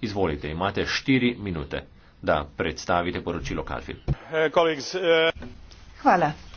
Izvolite, imate štiri minute, da predstavite poročilo Kalfil. Eh, eh. Hvala.